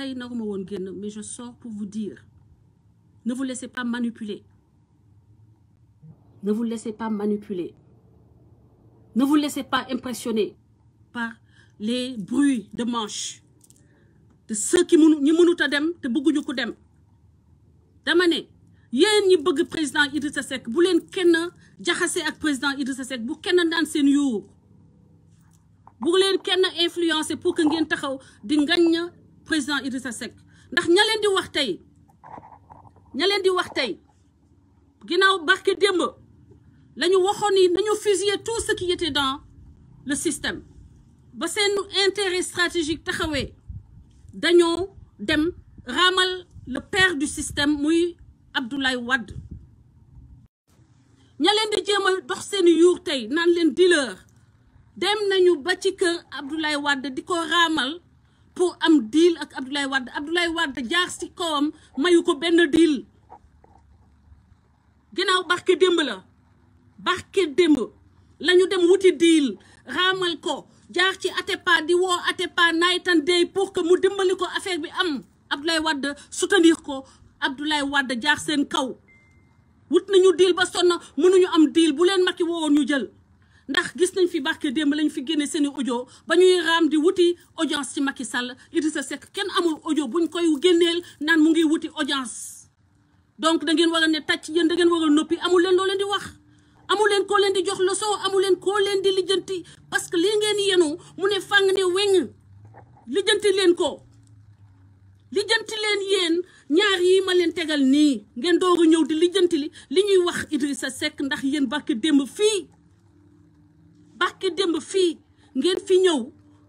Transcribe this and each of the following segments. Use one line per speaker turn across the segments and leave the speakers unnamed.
tey naruma woon génn mais je sors pour vous dire ne vous laissez pas manipuler ne vous laissez pas manipuler ne vous laissez pas impressionner par les bruits de manche de ceux qui mënu ñi mënut a dem te bëgguñu ko dem dama ne yéen ñi bëgg président sa Seck bu leen kenn jaxase ak président sa Seck bu kenn naan seen yuur bu leen kenn influencer pour que ngeen taxaw di ngañ président Idrissa Seck ndax ña leen di wax tey ña di wax tey ginnaaw barke démb lañu waxoon ni nañu fusiller tout ce qui était dans le système ba seen intérêt stratégique taxawee dañoo dem raamal le père du système muy Abdoulaye Wade ña leen di jéem dox seeni yuur tey naan leen dealer dem nañu ba ci kër Abdoulaye Wade di ko raamal pour am deal ak Abdoulaye Wade Abdoulaye Wade jaar ci kawam mayu ko benn deal ginnaaw barke démb la barke démb lañu dem wuti deal raamal ko jaar ci Atepa di woo Atepa night and day pour que mu dimbali ko affaire bi am Abdoulaye wadd soutenir ko Abdoulaye wadd jaar seen kaw wut nañu deal ba sonn mënuñu am deal bu leen Macky woowoon ñu jël ndax gis nañ fi barke démb lañu fi génne seen i ba ñuy raam di wuti audience ci Macky Sall sa Seck kenn amul audio buñ koy génneel naan mu ngi wuti audience. donc da ngeen war a ne tàcc yéen da ngeen war a noppi amul leen loo leen di wax
amul leen koo leen di jox la soo
amul leen koo leen di lijjanti parce que lii ngeen yenu mu ne fàng ne weñ lijjanti leen ko. lijjanti leen yéen ñaar yi ma leen tegal nii ngeen doogu ñëw di lijjanti li li ñuy wax sa Seck ndax yéen barke démb fii barke demb fii ngeen fi ñëw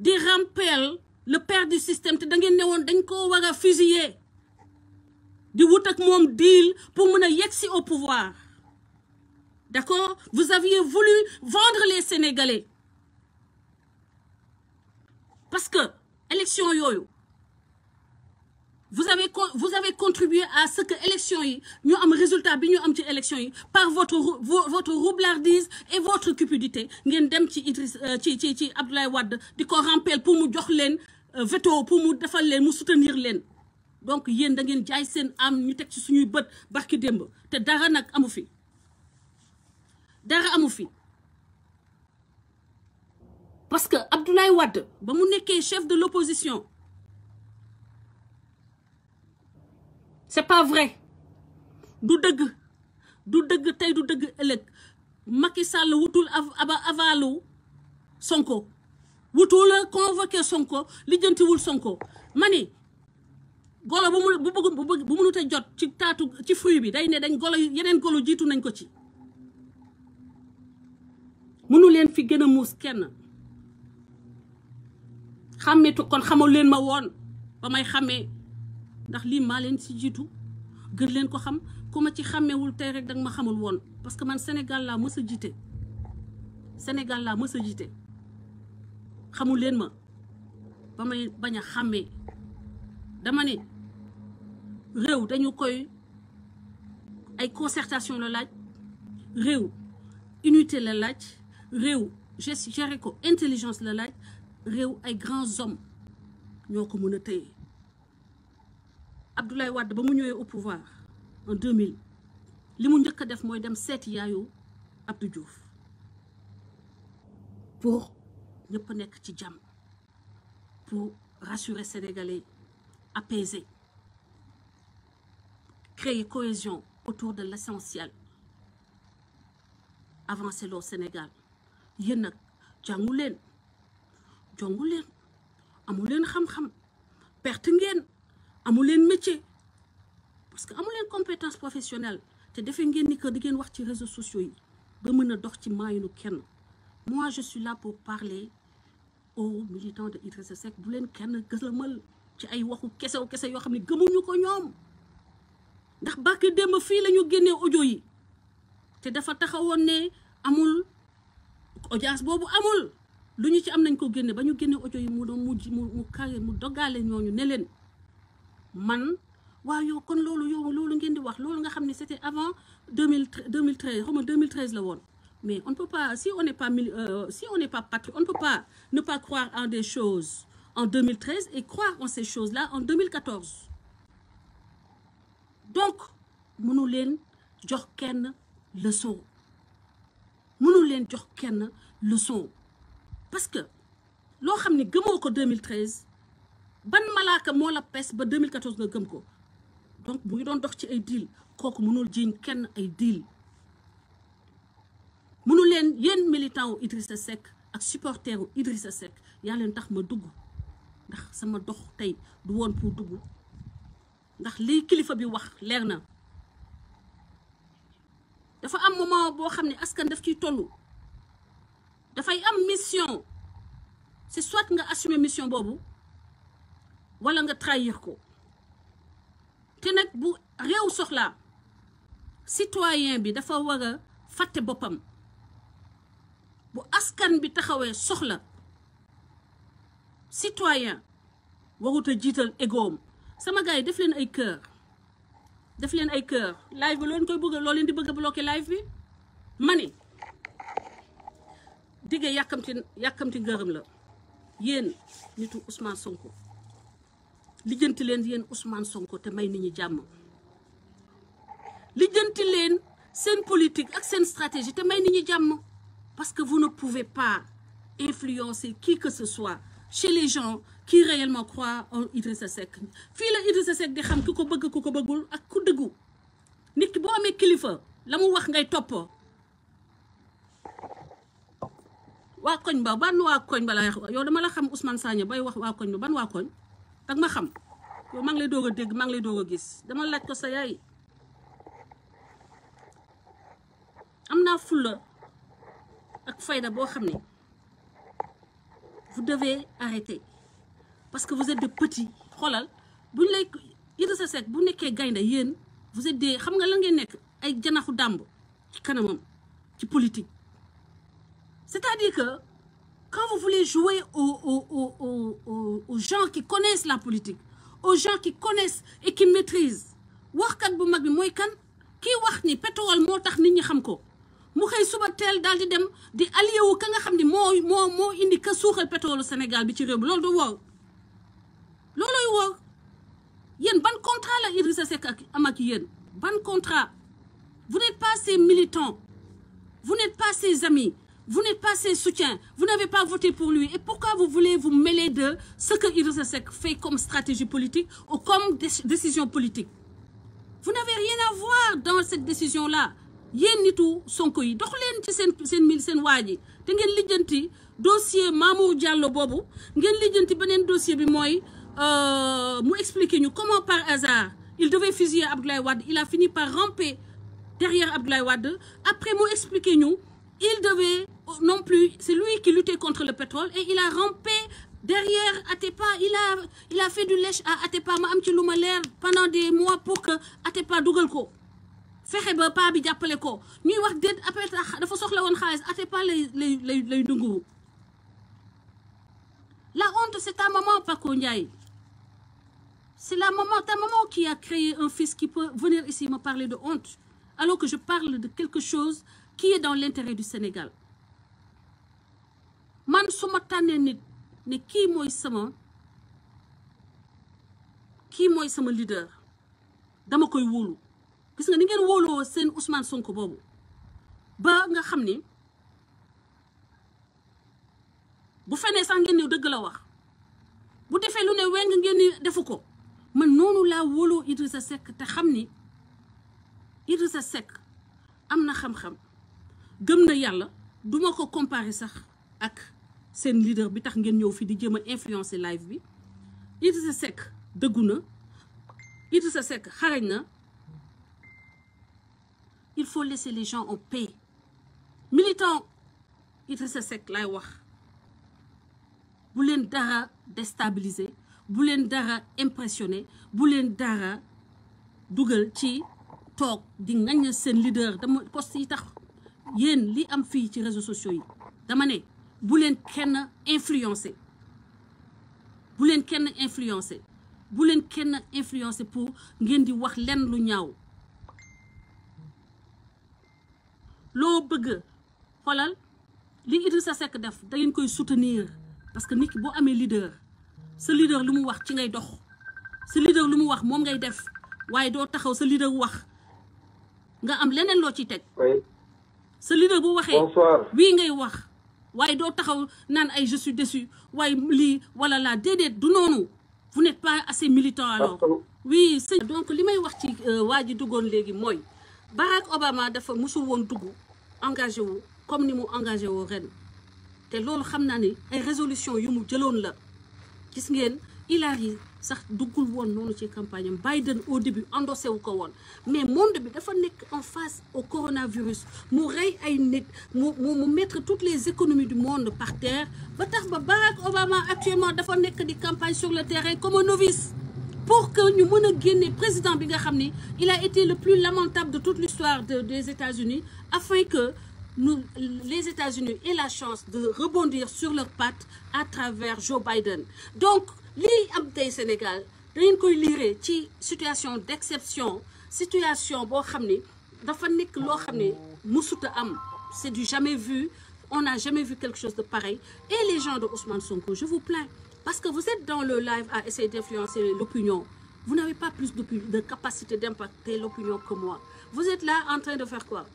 di rampeel le père du système te da ngeen ne woon dañ koo war a fusiller di wut ak moom deal pour mën a yegsi au pouvoir d'accord vous aviez voulu vendre les Sénégalais parce que élection yooyu vous avez vous avez contribué à ce que élection yi ñu am résultat bi ñu am ci élection yi par votre votre roublardise et votre cupidité ngeen dem ci Idriss euh, ci ci ci Abdoulaye Wade di ko rampeel pour mu jox leen euh, veto pour mu defal leen mu soutenir leen donc yéen da ngeen jaay seen am ñu teg ci suñuy bët barki démb te dara nag amu fi dara amu fi parce que Abdoulaye wadd ba mu nekkee chef de l'opposition c'est pas vrai du dëgg du dëgg tey du dëgg ëllëg Macky Sall wutul aba avalu Sonko wutul convoqué Sonko lijjantiwul Sonko mani golo bu mu bu bëgg bu mënut jot ci taatu ci fuy bi day ne dañ golo yeneen golo jiitu nañ ko ci mënu leen fi gën a muus kenn xàmmeetu kon xamul leen ma woon ba may xàmmee ndax lii maa leen si jiitu gën leen ko xam ku ma ci xàmmewul tey rek danga ma xamul woon parce que man Sénégal laa mës a jiite Sénégal laa mës a jiite xamul leen ma ba may bañ a xàmmee dama ne réew dañu koy ay concertation la laaj réew unité la laaj réew géré ko intelligence la laaj réew ay grands hommes ñoo ko mën a téye Abdoulaye Wade ba mu ñëwee au pouvoir en mille li mu njëkk a def mooy dem seeti yaayu Abdou Diouf pour ñëpp nekk ci jàmm pour rassuré Sénégalais apaiser créer cohésion autour de l'essentiel avancer loo Sénégal yéen nag jàngu leen jongu xam-xam perte ngeen. amul leen métier parce que amu leen compétence professionnelle te defe ngeen ni kër di ngeen wax ci réseaux sociaux yi ba mën a dox ci maayunu kenn moi je suis là pour parler aux militants de Idrissa bu leen kenn gëlamal ci ay waxu kesew kese yoo xam ne gëmuñu ko ñoom ndax barke dem fii lañu ñu génnee yi te dafa taxawoon ne amul audience boobu amul lu ñu ci am nañ ko génne ba ñu génne audio yi mu doon mu mu mu carré mu doggaale ñooñu ne leen man waaw yow kon loolu yow loolu ngeen di wax loolu nga xam ne c'était avant 2013 xaw ma 2013 la woon mais on peut pas si on n'est pas euh, si on n'est pas patri peut pas ne pas croire en des choses en 2013 et croire en ces choses-là en 2014 donc mënu leen jox kenn leçon mënu leen jox kenn leçon parce que loo xam ne gëmoo ko 2013 ban malaaka moo la pes ba 2014 nga gëm ko donc mu ngi doon dox ci ay deal kooku mënul jiiñ kenn ay deal mënul leen yéen militant wu Idrissa Seck ak supporter wu Idrissa Seck yaa leen tax ma dugg ndax sama dox tey du woon pour dugg ndax lii kilifa bi wax leer na dafa am moment boo xam ne askan daf ciy toll dafay am mission si soit nga assume mission boobu wala nga trahir ko te nag bu réew soxlaa citoyen bi dafa war a fàtte boppam bu askan bi taxawee soxla citoyen warut a jiital égoom sama gars yi def leen ay cœur def leen ay cœur live bi loolu koy bëgg loo leen di bëgg a bloqué live bi ma ne diggee yàkkamti yàkkamti ngërëm la yéen nitu Ousmane Sonko lijjanti leen yéen Ousmane Sonko te may nit ñi jàmm lijjanti leen seen politique ak seen stratégie te may nit ñi jàmm parce que vous ne pouvez pas influencer qui que ce soit chez les gens qui réellement croient en Idrissa Seck fii la Idrissa Seck di xam ku ko bëgg ku ko bëggul ak ku dëggu nit ki boo amee kilifa la mu wax ngay toppoo waa koñ ba ban waa koñ ba la yow dama la xam Ousmane Sagna bay wax waa koñ ba ban waa koñ dag ma xam yow maa ngi lay doog a dégg maa ngi lay doog a gis dama laaj ko sa yaay am naa fulla ak fayda boo xam ne vous devez arrêter parce que vous êtes de petits xoolal buñ lay sa set bu nekkee gaynde yéen vous êtes des xam nga lan ngeen nekk ay janaxu dàmb ci kanamam ci politique c'est-à-dire que quand vous voulez jouer aux, aux, aux, aux, gens qui connaissent la politique, aux gens qui connaissent et qui maîtrisent, waxkat bu mag bi mooy kan kii wax ni pétrole moo tax nit ñi xam ko mu xëy suba teel daal di dem di allié wu ka nga xam ni moo moo moo indi ka suuxal pétrole Sénégal bi ci réew bi loolu du wóor looloy wóor yéen ban contrat la Idrissa Seck ak am ak yéen ban contrat vous n'êtes pas ses militants vous n'êtes pas ses amis Vous n'êtes pas ses soutiens. Vous n'avez pas voté pour lui. Et pourquoi vous voulez vous mêler de ce que Idrissa Seck fait comme stratégie politique ou comme décision politique Vous n'avez rien à voir dans cette décision-là. yéen nitu son yi dox leen ci seen seen mil seen waa ji te ngeen lijjanti dossier Mamour Diallo boobu ngeen lijjanti beneen dossier bi mooy euh, mu expliquer ñu comment par hasard il devait fusiller Abdoulaye Wade il a fini par ramper derrière Abdoulaye Wade après mu expliquer ñu il devait euh, non plus, c'est lui qui luttait contre le pétrole et il a rampé derrière Atepa, il a, fait du lèche à Atepa, ma am ci lu ma leer pendant des mois pour que Atepa dugal ko fexe ba paa bi jàppale ko ñuy wax déet après dafa soxla woon xaalis Atepa lay lay lay lay dungu la honte c'est ta maman Paco Ndiaye c'est la maman ta maman qui a créé un fils qui peut venir ici me parler de honte alors que je parle de quelque chose kii est dans l'intérêt du Sénégal man suma ma tànnee nit ni kii mooy sama kii mooy sama leader dama koy wóolu gis nga ni ngeen wóoloo seen Ousmane Sonko boobu ba nga xam ni bu fenee sax ngeen ne dëgg la wax bu defee lu ne weng ngeen ni defu ko man noonu laa wóoloo sa sekk te xam ni sa sekk am na xam-xam gëm na yàlla duma ko comparer sax ak seen leader bi tax ngeen ñëw fii di jéem a influencer live bi Idrissa Seck dëggu na sa Seck xarañ na il faut laisser les gens en paix militant sa Seck lay wax bu leen dara déstabiliser bu leen dara impressionner bu leen dara dugal ci toog di ngañ seen leader dama poste yi tax yéen li am fii ci réseaux sociaux yi dama ne bu leen kenn influencer buleen kenn influencer bu leen kenn influencer pour ngeen di wax lenn lu ñaaw loo bëgg xoolal li sa sekk def da ngeen koy soutenir parce que nit ki boo amee leader sa leader lu mu wax ci ngay dox sa leader lu mu wax moom ngay def waaye doo taxaw sa leader wax nga am leneen loo ciy teg sa leader bu waxee wii ngay wax waaye doo taxaw naan ay je suis déçu waaye lii wala laa déedéet du noonu vous n'êtes pas assez militant alors oui sëñ donc li may wax ci euh, waa ji duggoon léegi mooy Barack Obama dafa mosul woon dugg engagé wu comme ni mu engagé woo ren te loolu xam naa ni ay résolution yu mu jëloon la gis ngeen Hillary sax duggul woon noonu ci campagne am Biden au début endossé wu ko woon mais monde bi dafa nekk en face au coronavirus mu rey ay nit mu mu mettre toutes les économies du monde par terre ba tax ba Barack Obama actuellement dafa nekk di campagne sur le terrain comme un novice pour que ñu mën a président bi nga xam ni il a été le plus lamentable de toute l'histoire de des États-Unis afin que nous, les États-Unis aient la chance de rebondir sur leurs pattes à travers Joe Biden donc lii am tey Sénégal da ngeen koy liire ci situation d'exception situation boo xam ni dafa nekk loo xam ne musuta am c'est du jamais vu on n'a jamais vu quelque chose de pareil et les gens de Ousmane Sonko je vous plains parce que vous êtes dans le live à essayer d'influencer l'opinion vous n'avez pas plus de, capacité d'impacter l'opinion que moi vous êtes là en train de faire quoi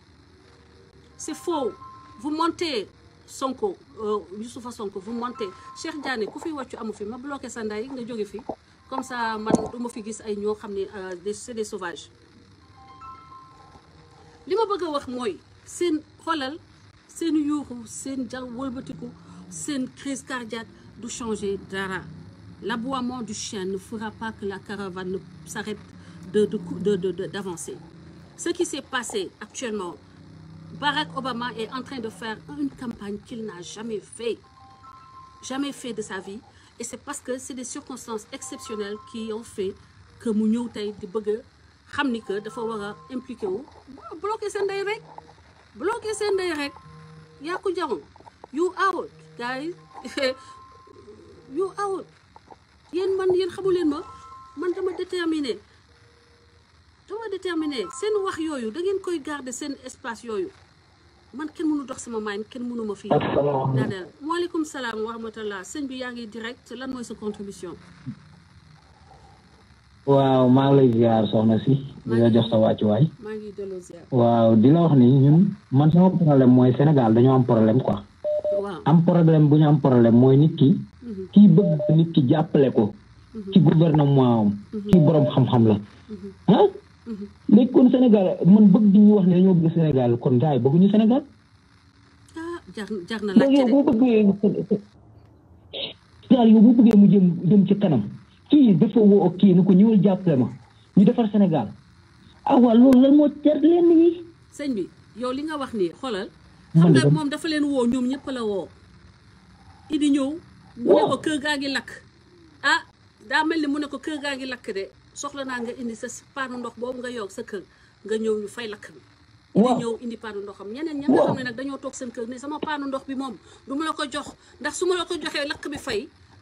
c'est faux vous mentez Sonko euh, Youssoufa Sonko vous mentez Cheikh Diané ku fi wàccu amu fi ma bloqué sa ndey nga jóge fi comme ça man du ma fi gis ay ñoo xam ne euh, c'est des sauvages li ma bëgg a wax mooy seen xolal seen yuuxu seen jar wëlbatiku seen crise cardiaque du changer dara l'aboiement du chien ne fera pas que la caravane ne s'arrête de de de d'avancer ce qui s'est passé actuellement Barack Obama est en train de faire une campagne qu'il n'a jamais fait, jamais fait de sa vie. Et c'est parce que c'est des circonstances exceptionnelles qui yow fait que mu ñëw tey di bëgg xam ni que dafa war a impliqué wu seen ndey rek bloqué seen ndey rek yaa ko jaroon you out guys you out yéen man yéen xamu leen ma man dama déterminé dama déterminé seen wax yooyu da ngeen koy garder seen espace yooyu man kenn mënu dox sama maay kenn mënu fii daaneel waaleykum salaam wa rahmatullah bi yaa ngi direct lan mooy sa contribution
waaw maa ngi lay ziar soxna si di la jox sa wàccuwaay waaw di la wax ni ñun man sama problème mooy Sénégal dañoo am problème ko am problème bu ñu am problème mooy nit ki mhm. kii bëgg nit ki jàppale ko mhm. ci gouvernement am mhm. kii boroom xam-xam la ah léegi mm-hmm. kon Sénégal man bëgg di ñu wax ne dañoo bëgg Sénégal kon gars yi bëgguñu Sénégal.
ah jar jar na la de. yow boo
bëggee mu jëm jëm ci kanam kii dafa woo kii ni ko ñëwal jàppale ma ñu defar Sénégal ah waa loolu lan moo jar leen nii. sëñ bi
yow li nga wax nii xoolal. xam nga moom dafa leen woo ñoom ñëpp la woo. idi ñëw. mu kër gaa ngi lakk. ah daa mel ni mu ne ko kër gaa gi lakk de. soxla naa nga indi sa paanu ndox boobu nga yoog sa kër nga ñëw ñu fay lakk bi nga ñëw indi paanu ndoxam ñeneen ña nga xam ne nag dañoo toog seen kër ne sama paanu ndox bi moom du ma ko jox ndax su ma ko joxee lakk bi fay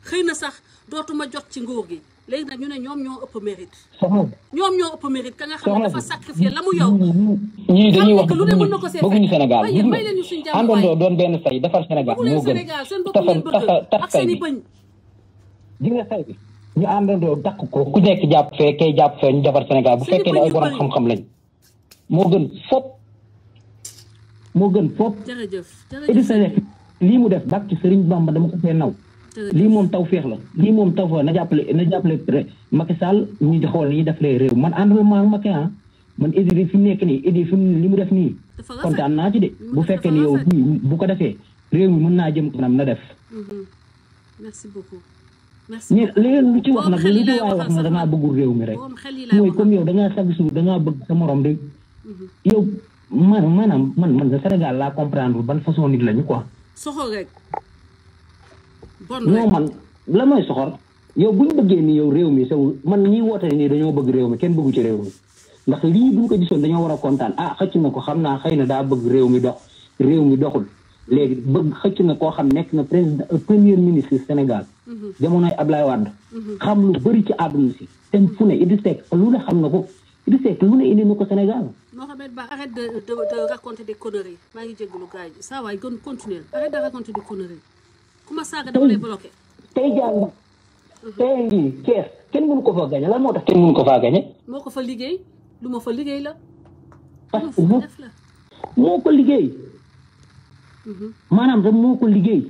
xëy na sax dootuma jot ci nguur gi léegi nag ñu ne ñoom ñoo ëpp mérite ñoom ñoo ëpp mérite ka nga xam ne dafa sacrifié la mu yow
ñii dañuy wax lu ne mën na ko seet bëgguñu may leen ñu suñ jàmm àndandoo doon benn say defar Sénégal moo gën seen bopp ngeen bëgg seen bëñ gi nga say bi ñu àndandoo dakk ko ku nekk jàpp fee kay jàpp fee ñu defar Sénégal bu fekkee ne ay xam-xam lañ moo gën fop moo gën fop jërëjëf Idrissa Seck lii mu def bak ci Serigne Bamba dama ko fee naw lii moom taw féex la lii moom taw féex na jàppale na jàppale Macky Sall ñu joxoon ni def defalee réew man àndul maa Macky ah man Idrissa fi mu nekk nii Idrissa li mu def nii kontaan naa ci de bu fekkee ni yow bu ko defee réew mi mën naa jëm kanam na def mhm. mais léegi lu ci wax nag lu ci waay wax na dangaa bëggul réew mi rek mooy comme yow dangaa chaque dangaa bëgg sa moroom de mhm. yow man man man sa laa comprendre ban façon nit lañu ko
soxor rek. bon non man
la mooy soxor yow bu ñu bëggee ni yow réew mi sewul man ñi woote nii dañoo bëgg réew mi kenn bëggu ci réew mi ndax lii bu ko gisoon dañoo war a kontaan ah xëcc na ko xam naa xëy na daa bëgg réew mi dox réew mi doxul. léegi bëgg xëcc na koo xam nekk na président euh, premier ministre Sénégal mhm. jamonoy Ablaye Wade mhm. xam lu bëri ci àdduna si tem fu ne Idriss Seck lu ne xam na ko Idriss Seck lu ne indi na ko Sénégal
Mohamed Ba arrête de de raconter des conneries maa ngi jégalu gars yi saa waay gën continuer arrête de raconter des conneries ku ma saaga dama lay bloqué
tey jàng mhm. tey kenn mënu ko fa gañe lan moo tax kenn mënu ko faa gañe
moo ko fa liggéey lu ma fa liggéey la
parce ah, moo ko liggéey maanaam da moo ko liggéey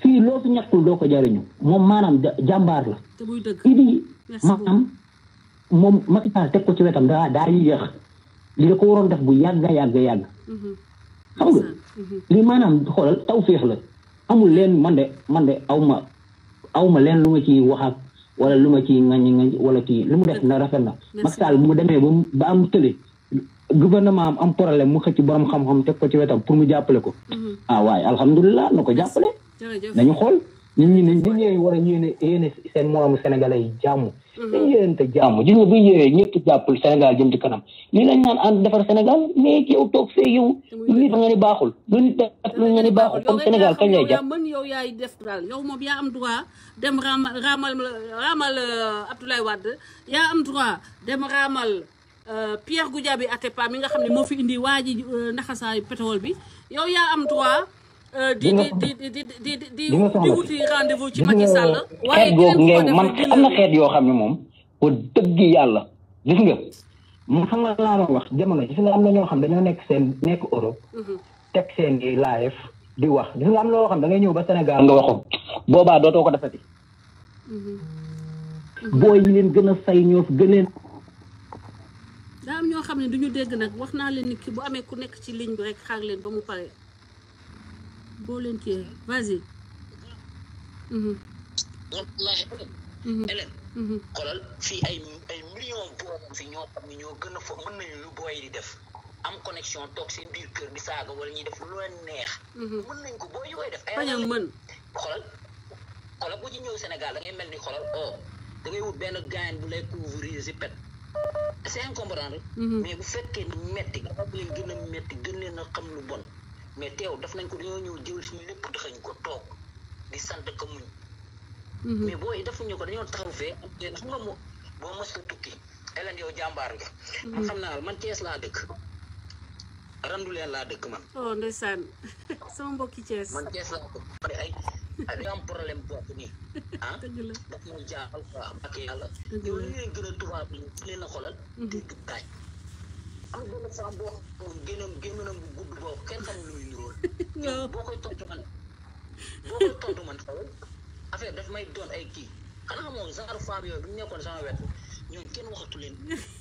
fii loo fi ñaxtul doo ko jariñu moom maanaam jàmbaar la idi maa moom Macky Sall teg ko ci wetam daa daa yéex li da ko waroon def bu yàgga yàgga yàgg mm-hmm. xam nga mm-hmm. lii maanaam xoolal taw féex la amul leen man de man de aw ma aw ma leen lu ma ci wax ak lu ma ci ngañ ngañ wala kii lu mu def na rafet na Macky mu demee ba am tële gouvernement am am problème mu xëcc borom xam-xam teg ko ci wetam pour mu jàppale ko. Mhm. ah waaye alhamdulilah na ko jàppale. nañu xool nit ñi ne nit ñi war a yéene yéene seen moromu sénégalais yi jàmm. dañu mhm. yéenante jàmm gis nga bu ñu yéenee ñëpp jàppale Sénégal jëm ci kanam lii lañ naan ànd defar Sénégal mais yow toog fee yow lii da nga ni baaxul lu nit def lu nga ni baaxul comme Sénégal kañ lay jàpp.
yaa am droit dem raamal raamal raamal euh, euh, yaa am droit dem raamal. Euh, Pierre Goudiaby Atepa mi nga xam ne moo fi indi waa ji euh, naxasaay pétrole bi yow yaa am droit. Euh, di di di di di di wuti rendez-vous ci Macky Sall. waaye ngeen man am na xeet
yoo xam ne moom. wa dëgg yàlla gis nga. xam nga laa doon wax jamono gis nga am na ñoo xam dañoo nekk seen nekk Europe. Mm-hmm. teg seen i live di wax gis nga am na loo xam da ngay ñëw ba Sénégal nga waxoon. boobaa dootoo ko defati. Mm-hmm. booy yi leen gën a say ñoo gën leen
xam ne du ñu dégg nag wax naa leen ni ki bu amee ku nekk ci ligne bi rek xaar leen ba mu pare boo leen cee vas-y. donc mhm. mhm. mhm. fii ay ay millions fi ñoo
xam ne ñoo gën a foog mën nañu lu booy di def am connexion toog seen biir kër di saaga wala ñuy def lu leen neex. mën nañ ko booy yooyu def. ay ay mën xoolal xoolal bu ci ñëw Sénégal da ngay mel ni xoolal oh da wut benn gaañ bu lay couvrir si pet. c'est incomparable. Mhm. mais bu fekkee ni metti nga xam leen gën a metti gën leen a xam lu bon mais teew daf nañ ko dañoo ñëw si suñu lépp daxañ ko toog di sant ka muñ mhm. mais booy defuñu ko dañoo taxaw fee am nga moo boo mës a tukki Hélène yow jàmbaar nga mhm. man xam laa dëkk randu leen laa dëkk man
oh ndeysaan sama mbokki Thiès man Thiès
ko dëkk ay ak am problème boobu nii ah daf ma ak yàlla yow li leen gën a tubaab yi leen a xoolal di mhm. du taaj am bu gudd boobu kenn xam boo koy tontu man boo koy tontu daf may doon ay kii xanaa moom genre femme yooyu bu ñu nekkoon kenn waxatu leen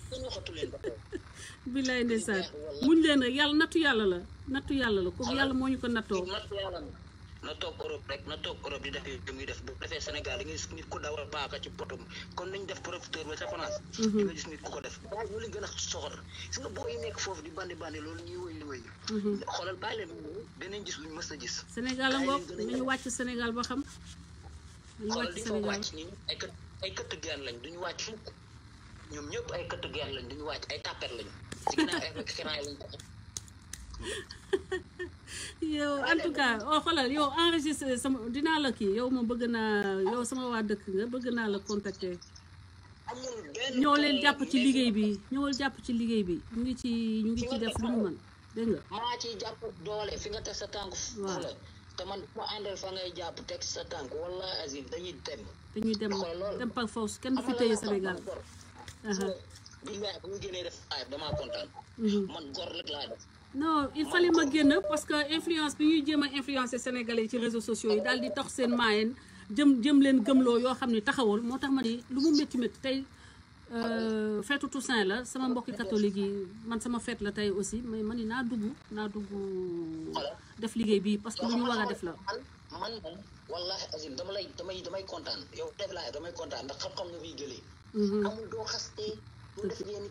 kenn leen ba
bilaay ndeysaan muñ leen rek yàlla nattu yàlla la nattu yàlla la comme yàlla moo ñu ko nattoo
nattu yàlla la na toog Europe rek na toog Europe di def yu muy def bu Sénégal da ngay gis nit ku dawal paaka ci potum kon nañ def profiteur ba sa France mhm. di nga gis nit ko def waaw loolu lañ a soxor gis nga boo yi nekk foofu di bandi bandi loolu ñuy wëy wëy mhm. xoolal bàyyi leen danañ gis luñ mës a gis Sénégal la bokk nañu
wàcc Sénégal ba xam
nañu wàcc Sénégal ay kët ay këtt geen lañ duñu wàcc fukk ñoom ñëpp ay këtt geen lañ duñu wàcc ay tàppet lañ ci ginnaaw ay écran lañ
yow en tout cas oh xoolal yow enregistré sama dinaa la kii yow ma bëgg naa yow sama waa dëkk nga bëgg naa la contacter. ñoo leen jàpp ci liggéey bi ñëwal jàpp ci liggéey bi ñu ngi ci ñu ngi ci def lu ñu mën dégg nga.
ciy jàpp doole fi nga teg sa tànk. waaw te man ma àndal jàpp teg sa tànk wala Azim dañuy dem.
dañuy dem dem par kenn du fi téye Sénégal.
bilaay bu ñu génnee def ay damaa kontaan. Mhm. man gor laa def.
non il fallait ma génn parce que influence bi ñuy jéem a influencer sénégalais ci réseaux sociaux yi daal di tax seen maayeen jëm jëm leen gëmloo yoo xam ne taxawul moo tax ma ni lu mu métti métti tey euh, feetu Toussaint la sama mbokki catholique yi man sama feet la tey aussi mais ma ni naa dugg naa dugg def liggéey bi parce que lu ñu war def la.
man man wallaahi azim dama lay damay damay kontaan yow def laa damay kontaan ndax xam-xam nga fiy jëlee. Mhm. mu def yenn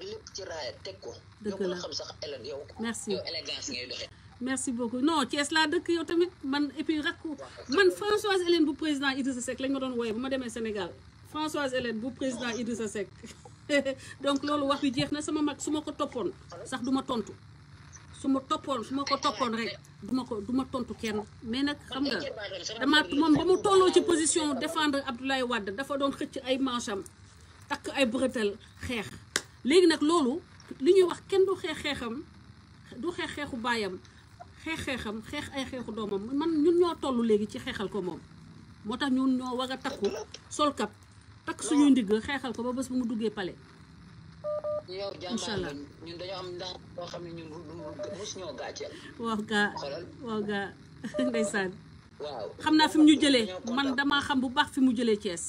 lépp ci ko. dëgg la xam sax élève yow. merci yow
élégance ngay doxee. merci beaucoup non Thiès laa dëkk yow tamit man et puis rakku man Françoise Hélène bu président Idrissa Seck lañ ma doon wooye bu ma demee Sénégal Françoise Hélène bu président Idrissa Seck donc loolu wax bi jeex na sama mag su ma ko toppoon sax du ma tontu su ma toppoon su ma ko toppoon rek du ma ko du ma tontu kenn mais nag xam nga damaa moom ba mu tolloo ci position défendre Abdoulaye Wade dafa doon xëcc ay mancham takk ay bërëtal xeex léegi nag loolu li ñuy wax kenn du xeex xeexam du xeex xeexu baayam xeex xeexam xeex ay xeexu doomam man ñun ñoo tollu léegi ci xeexal ko moom moo tax ñun ñoo war a takku solkap takk suñuy ndigg xeexal ko ba bés bu mu duggee pale
yow jàmbaar dañoo am ndax boo xam ne ñun mus ñoo gàcceel waaw xam naa fi mu ñu jëlee
man damaa xam bu baax fi mu jëlee Thiès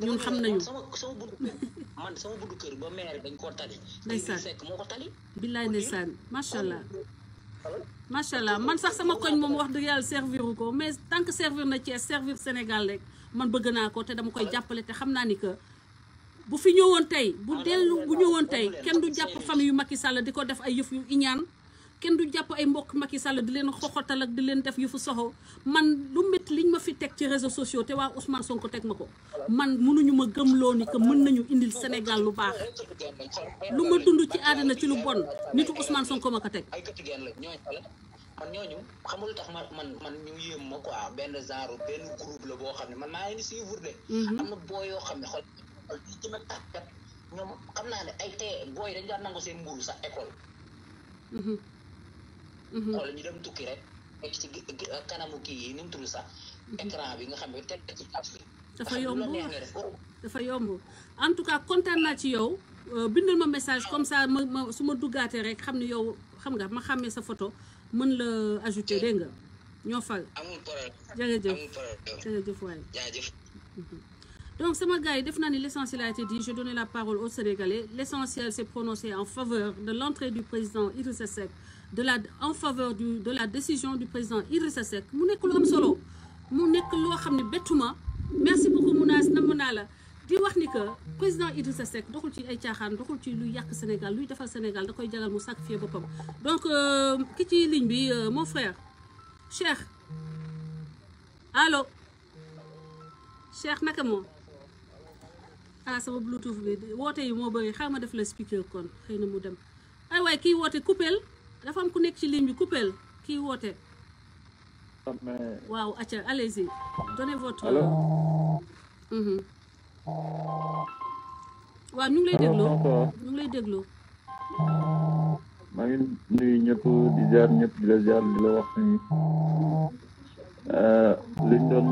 ñun xam nañu sama sama buddu kër man sama dañ koo tali. ndeysaan sekk moo ko tali.
billaay ndeysaan macha allah. macha allah man sax sama koñ moom wax dëgg yàlla serviru ko mais tant que servir na Thiès servir Sénégal rek man bëgg naa ko te dama koy jàppale te xam naa ni que bu fi ñëwoon tey bu dellu bu ñëwoon tey kenn du jàpp famille yu mag Macky Sall di ko def ay yëf yu iñaan kenn du jàpp ay mbokk Macky Sall di leen xoxotal ak di leen def yu fu soxo man lu métti liñ ma fi teg ci réseaux sociaux te waa Ousmane Sonko teg ma ko man mënuñu ma gëm loo ni que mën nañu indil Sénégal lu baax lu ma dund ci àddina ci lu bon nitu Ousmane Sonko ma ko teg.
man ñooñu xamul tax man man man ñu yéem ma quoi benn genre benn groupe la boo xam ne man maa ngi ni suivre de mhm. am na boo yoo xam ne xool ci gën a tàggat ñoom xam naa ne ay tee booy dañ daan nangu seen mburu sax école mhm. Mm-hmm. wala ñu dem kii yi nu mu tudd sax mm-hmm. écran bi nga xam ne teg ci ab bi dafa yomb
dafa yomb en tout cas kontaan laa ci yow euh, bindal ma message comme ça ma ma su ma duggaatee rek xam ne yow xam nga ma xàmmee sa photo mën la ajouter dégg nga ñoo fal amul mm-hmm. donc sama gars yi def naa ni l'essentiel a été dit je donne la parole aux Sénégalais l'essentiel s'est prononcé en faveur de l'entrée du président Idrissa Seck de la en faveur du de la décision du président Idrissa Seck mu nekk lu am solo mu nekk loo xam ne bettuma merci beaucoup Mounass namm naa la di wax ni que président sa Seck doxul ci ay caaxaan doxul ci luy yàq Sénégal luy defal Sénégal da koy jagal mu sacrifier boppam donc euh, ki ci ligne bi euh, mon frère Cheikh allo Cheikh naka moom ah sama bluetooth bi woote yi moo bëri xaar ma def la speaker kon xëy na mu dem ay waay kii woote coupeel dafa am ku nekk ci ligne bi ki kii woote. waaw acca allez-y donnez mhm. waaw ñu lay déglu ñu ngi lay déglu.
maa ngi nuyu ñëpp di ziar ñëpp di la ziar di la wax
ni euh, liñ doon